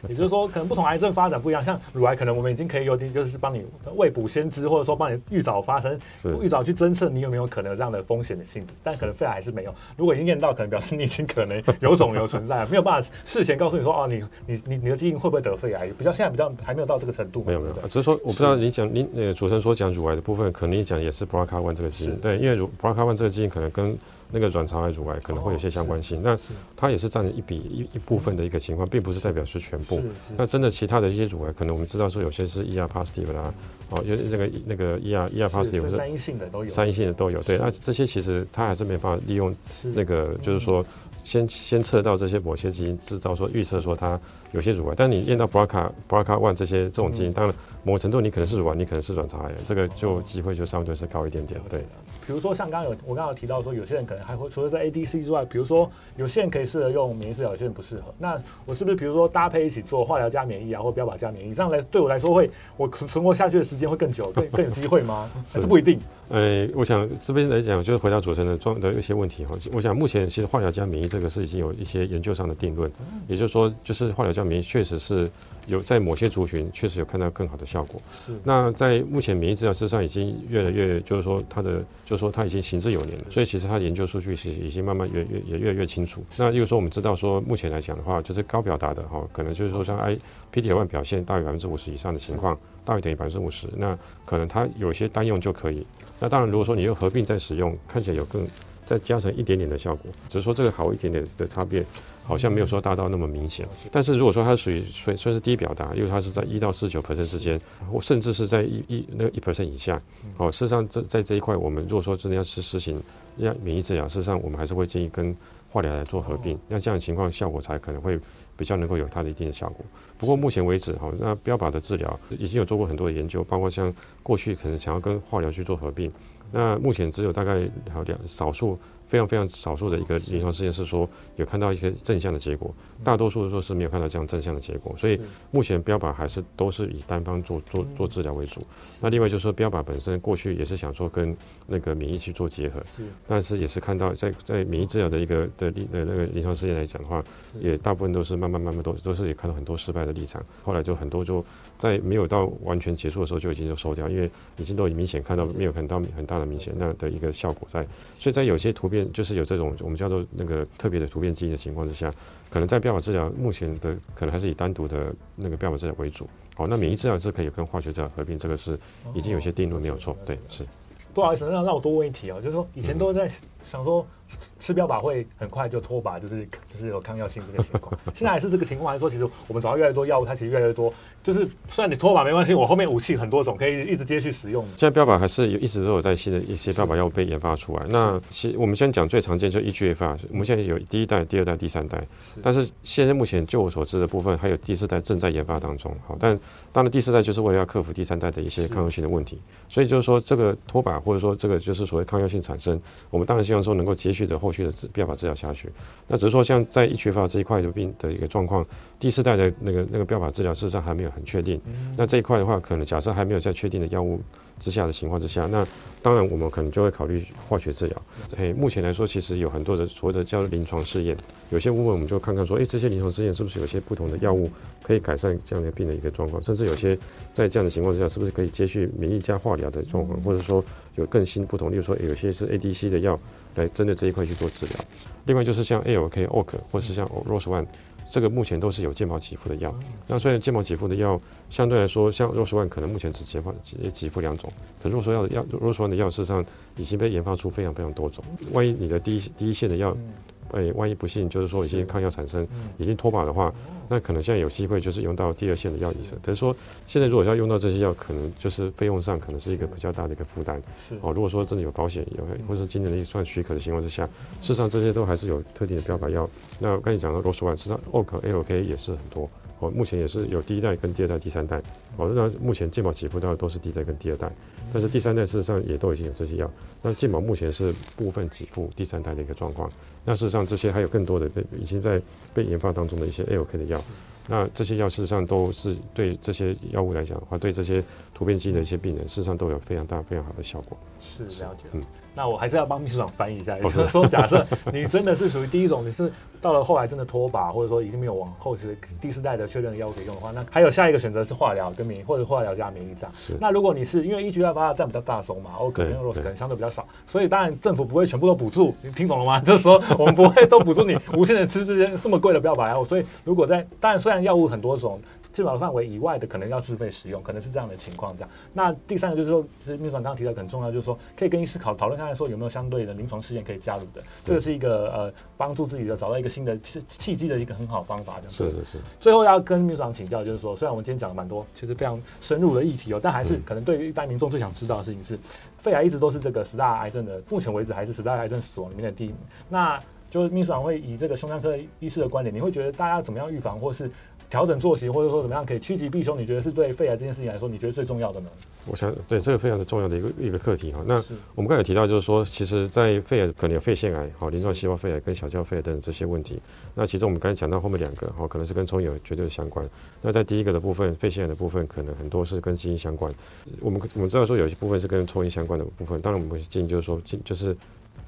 也就是說，可能不同癌症發展不一樣，像乳癌，可能我們已經可以有，就是幫你未卜先知，或者說幫你預早發生，預早去偵測你有沒有可能有這樣的風險的性質。但可能肺癌還是沒有。如果已經驗到，可能表示你已經可能有腫瘤存在了， 沒有辦法事前告訴你說，哦，你你你你的基因會不會得肺癌？比較現在比較還沒有到這個程度。沒有沒有、啊，只是說我不知道你講你那個主持人所講乳癌的部分，可能你講。也是 BRCA1 這個基因，對，因為如 BRCA1 這個基因可能跟那個卵巢癌、乳癌可能會有些相關性，那、哦、它也是佔了一筆一一部分的一個情況，並不是代表是全部。那真的其他的一些乳癌，可能我們知道說有些是 ER positive 啦，哦，因為那個那個 ER, ER positive 三陰性的都有，三陰性的都有，哦、對。那這些其實它還是沒辦法利用那個，就是說先先測到這些某些基因，製造說預測說它有些乳癌，但你驗到 BRCA BRCA1 這些這種基因，嗯、當然。某程度你，你可能是軟，你可能是軟腸癌，這個就機會就相對是高一點點。對，比如說像剛剛有我剛剛有提到說，有些人可能還會除了在 ADC 之外，比如說有些人可以適合用免疫治療，有些人不適合。那我是不是比如說搭配一起做化療加免疫啊，或標靶加免疫，這樣來對我來說會我存活下去的時間會更久， 更更有機會嗎？還是不一定。哎、呃，我想這邊來講，就是回到主持人莊的一些問題哈。我想目前其實化療加免疫這個是已經有一些研究上的定論，也就是說，就是化療加免疫確實是。有在某些族群確實有看到更好的效果。是。那在目前免疫治療之上，已經越來越就是說它的，就是說它已經行之有年了。所以其實它的研究數據是已經慢慢越越也越來越，越清楚。那如果說我們知道說目前來講的話，就是高表達的哈、哦，可能就是說像 PD-L1 表現大於百分之五十以上的情況，大於等於百分之五十，那可能它有些單用就可以。那當然如果說你又合併再使用，看起來有更再加成一點點的效果，只是說這個好一點點的差別。好像沒有說大到那麼明顯，但是如果說它屬於算算是低表達，因為它是在一到四九 percent 之間，或甚至是在一一那個一 percent 以下。哦，事實上這，這在這一塊，我們如果說真的要實實行讓免疫治療，事實上我們還是會建議跟化療來做合併，哦、那這樣的情況效果才可能會比較能夠有它的一定的效果。不過目前為止，哈、哦，那標靶的治療已經有做過很多的研究，包括像過去可能想要跟化療去做合併，那目前只有大概還有兩少數。非常非常少數的一個臨床試驗是說有看到一些正向的結果，大多數的時候是沒有看到這樣正向的結果。所以目前標靶還是都是以單方做做做治療為主。那另外就是說標靶本身過去也是想說跟那個免疫去做結合，但是也是看到在在免疫治療的一個的的那個臨床試驗來講的話，也大部分都是慢慢慢慢都都是也看到很多失敗的立場。後來就很多就。在沒有到完全結束的時候就已經就收掉，因為已經都已經明顯看到沒有看到很大的明顯那樣的一個效果在，所以在有些突變就是有這種我們叫做那個特別的突變基因的情況之下，可能在標靶治療目前的可能還是以單獨的那個標靶治療為主。好，那免疫治療是可以跟化學治療合併，這個是已經有些定論沒有錯，對是。不好意思，那讓我多問一題哦，就是說以前都在想說，吃標靶會很快就脫靶，就是就是有抗藥性這個情況，現在還是這個情況，還是說其實我們找到越來越多藥物，它其實越來越多，就是雖然你脫靶沒關係，我後面武器很多種可以一直接去使用？現在標靶還是有，一直都有在新的一些標靶藥物被研發出來。那其實我們先講最常見就是 EGFR，我們現在有第一代、第二代、第三代，但是現在目前就我所知的部分，還有第四代正在研發當中。好，但當然第四代就是為了要克服第三代的一些抗藥性的問題，所以就是說這個脫靶。或者說，這個就是所謂抗藥性產生，我們當然希望說能夠持續的後續的治，不要把治療下去。那只是說，像在 EGFR 這一塊的病的一個狀況，第四代的那個那個標靶治療事實上還沒有很確定，嗯嗯，那這一塊的話，可能假設還沒有在確定的藥物之下的情況之下，那當然我們可能就會考慮化學治療。哎，目前來說，其實有很多的所謂的叫臨床試驗，有些部分我們就看看說，哎、欸，這些臨床試驗是不是有些不同的藥物可以改善這樣的病的一個狀況，甚至有些在這樣的情況之下，是不是可以接續免疫加化療的狀況、嗯嗯，或者說有更新不同，例如說、欸、有些是 ADC 的藥來針對這一塊去做治療，另外就是像 ALK、ALK 或是像 ROS1、嗯。這個目前都是有健保給付的藥，那雖然健保給付的藥相對來說，像 ROS1 可能目前只給付、只給付兩種，可如果藥要要 ROS1 的藥，藥的藥事實上已經被研發出非常非常多種。萬一你的第一第一線的藥、嗯。哎，萬一不幸就是說已經抗藥產生、嗯、已經脫靶的話，那可能現在有機會就是用到第二線的藥。醫生，只是說現在如果要用到這些藥，可能就是費用上可能是一個比較大的一個負擔。是，是哦，如果說真的有保險，有或者是今年的預算許可的情況之下，事實上這些都還是有特定的標靶藥。那剛才講到 ROS1，實際上 ALK 也是很多。哦，目前也是有第一代，跟第二代、第三代。證到目前健保給付到都是第一代跟第二代，嗯，但是第三代事實上也都已經有這些藥。那健保目前是部分給付第三代的一個狀況。那事實上，這些還有更多的被已經在被研發當中的一些 ALK 的藥。那這些藥事實上都是對這些藥物來講的話，對這些突變性的一些病人，事實上都有非常大、非常好的效果。是，了解。嗯，那我還是要幫祕書長翻譯一下。就是 說，假設你真的是屬於第一種，你是到了後來真的拖靶，或者說已經沒有往後是第四代的確認的藥物可以用的話，那還有下一個選擇是化療。或者化療加免疫。這那如果你是因為 EGFR 佔比較大的時候嘛，OK，可能相對比較少，所以當然政府不會全部都補助，你聽懂了嗎？ 就是說我們不會都補助你， 無限的吃這些這麼貴的標靶藥。啊，所以如果在當然雖然藥物很多種。治療的範圍以外的可能要自費使用，可能是這樣的情況。這樣，那第三個就是說，其實秘書長剛剛提到很重要，就是說可以跟醫師考討論，看看，說有沒有相對的臨床試驗可以加入的，嗯、這個是一個呃幫助自己的找到一個新的契機的一個很好方法的。這樣是是是。最後要跟秘書長請教，就是說，雖然我們今天講了蠻多，其實非常深入的議題哦，但還是可能對於一般民眾最想知道的事情是、嗯，肺癌一直都是這個十大癌症的目前為止還是十大癌症死亡裡面的第一名，一那就是秘書長會以這個胸腔科醫師的觀點，你會覺得大家怎麼樣預防，或是？調整作息，或者說怎麼樣可以趨吉避凶？你覺得是對肺癌這件事情來說，你覺得最重要的呢？我想，對這個非常重要的一個一個課題哈。那我們剛才提到，就是說，其實在肺癌可能有肺腺癌、好鱗狀細胞肺癌跟小細胞肺癌等等這些問題。那其中我們剛才講到後面兩個，哈，可能是跟抽菸有絕對的相關。那在第一個的部分，肺腺癌的部分，可能很多是跟基因相關。我們我們知道說，有一些部分是跟抽菸相關的部分。當然，我們建議就是說戒就是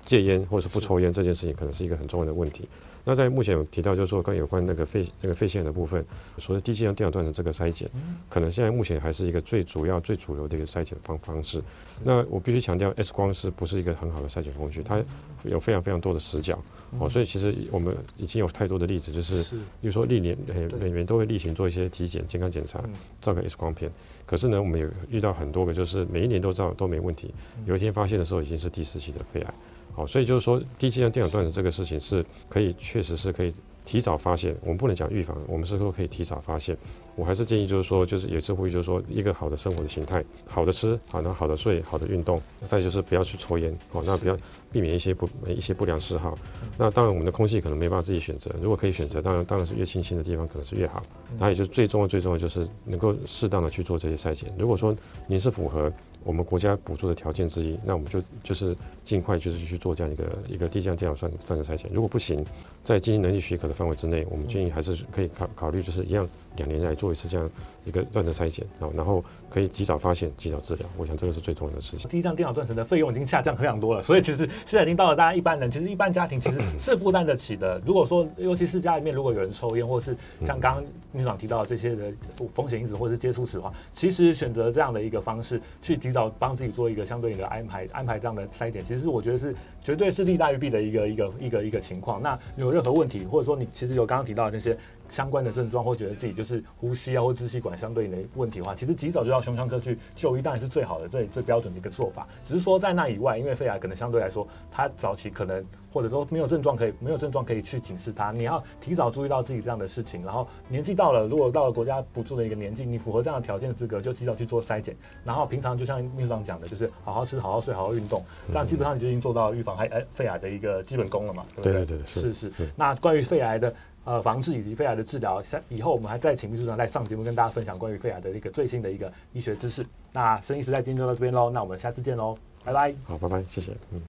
戒菸，或者是不抽菸這件事情，可能是一個很重要的問題。那在目前有提到，就是說跟有關那個肺那個肺腺的部分，所謂低劑量電腦斷層的這個篩檢、嗯，可能現在目前還是一個最主要、最主流的一個篩檢方方式。那我必須強調，X 光是不是一個很好的篩檢工具？它有非常非常多的死角、嗯、哦，所以其實我們已經有太多的例子，嗯、就是比如說歷年每年都會例行做一些體檢、健康檢查、嗯，照個 X 光片，可是呢，我們有遇到很多個，就是每一年都照都沒問題，有一天發現的時候已經是第四期的肺癌。好，所以就是說，低劑量電腦斷層這個事情是可以，確實是可以提早發現。我們不能講預防，我們是說可以提早發現。我還是建議就是說，就是也是呼籲，就是說一個好的生活的形態，好的吃，好好的睡，好的運動，再就是不要去抽煙，好，那不要避免一些不一些不良嗜好。那當然我們的空氣可能沒辦法自己選擇，如果可以選擇，當然當然是越清新的地方可能是越好。那也就是最重要最重要就是能夠適當的去做這些篩檢。如果說你是符合。我們國家補助的條件之一，那我們就就是盡快就是去做這樣一個一個低劑量電腦斷斷層篩選。如果不行，在經濟能力許可的範圍之內，我們建議還是可以考考慮，就是一樣兩年來做一次這樣一個斷層篩選啊，然後可以及早發現，及早治療。我想這個是最重要的事情。低劑量電腦斷層的費用已經下降非常多了，所以其實現在已經到了大家一般人，其實一般家庭其實是負擔得起的。如果說，尤其是家裡面如果有人抽菸，或是像剛剛秘書長提到的這些的風險因子，或是接觸史的話，其實選擇這樣的一個方式去及要幫自己做一個相對應的安排，安排這樣的篩檢，其實我覺得是絕對是利大於弊的一個一個一個一個，一個情況。那你有任何問題，或者說你其實有剛剛提到的那些。相關的症狀，或覺得自己就是呼吸啊，或支氣管相對應的問題的話，其實及早就到胸腔科去就醫，當然是最好的，最最標準的一個做法。只是說在那以外，因為肺癌可能相對來說，它早期可能或者說沒有症狀可以沒有症狀可以去警示他。你要提早注意到自己這樣的事情，然後年紀到了，如果到了國家補助的一個年紀，你符合這樣的條件的資格，就及早去做篩檢。然後平常就像秘書長講的，就是好好吃、好好睡、好好運動、嗯，這樣基本上你就已經做到預防還、呃、肺癌的一個基本功了嘛，對不對？對對，對是是是、是、是。那關於肺癌的。呃，防治以及肺癌的治療，下以後我們還再請秘書長再上節目跟大家分享關於肺癌的一個最新的一個醫學知識。那生醫時代今天就到這邊嘍，那我們下次見嘍，拜拜。好，拜拜，謝謝，嗯。